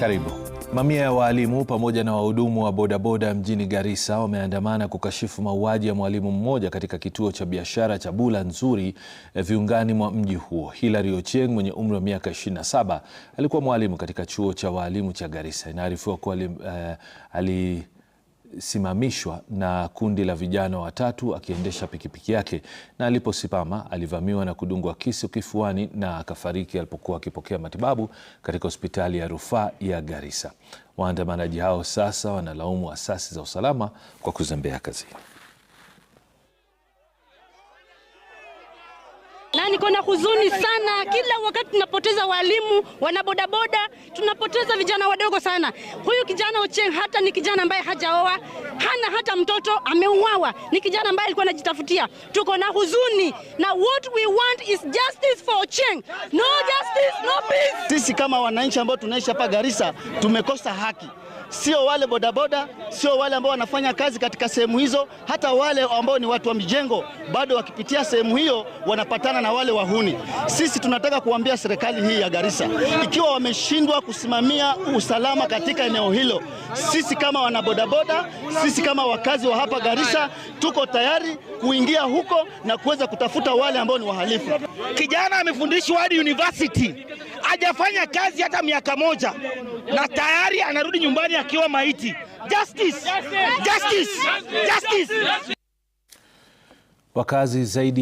Karibu. Mamia ya waalimu pamoja na wahudumu wa bodaboda mjini Garissa wameandamana kukashifu mauaji ya mwalimu mmoja katika kituo cha biashara cha Bula Nzuri eh, viungani mwa mji huo. Hilary Ochieng mwenye umri wa miaka 27 alikuwa mwalimu katika chuo cha waalimu cha Garissa. Inaarifiwa kuwa eh, ali, uh, ali simamishwa na kundi la vijana watatu akiendesha pikipiki yake, na aliposimama alivamiwa na kudungwa kisu kifuani na akafariki alipokuwa akipokea matibabu katika hospitali ya rufaa ya Garissa. Waandamanaji hao sasa wanalaumu asasi za usalama kwa kuzembea kazini. Tuko na huzuni sana, kila wakati tunapoteza walimu, wanabodaboda, tunapoteza vijana wadogo sana. Huyu kijana Ochieng hata ni kijana ambaye hajaoa, hana hata mtoto, ameuawa. Ni kijana ambaye alikuwa anajitafutia. Tuko na huzuni na what we want is justice for Ochieng. No justice, no peace. Sisi kama wananchi ambao tunaishi hapa Garissa tumekosa haki sio wale bodaboda, sio wale ambao wanafanya kazi katika sehemu hizo, hata wale ambao ni watu wa mijengo bado wakipitia sehemu hiyo wanapatana na wale wahuni. Sisi tunataka kuambia serikali hii ya Garissa, ikiwa wameshindwa kusimamia usalama katika eneo hilo, sisi kama wanabodaboda, sisi kama wakazi wa hapa Garissa, tuko tayari kuingia huko na kuweza kutafuta wale ambao ni wahalifu. Kijana amefundishwa hadi university hajafanya kazi hata miaka moja na tayari anarudi nyumbani akiwa maiti. Justice! Justice! Justice! Justice! Justice. Justice. Wakazi zaidi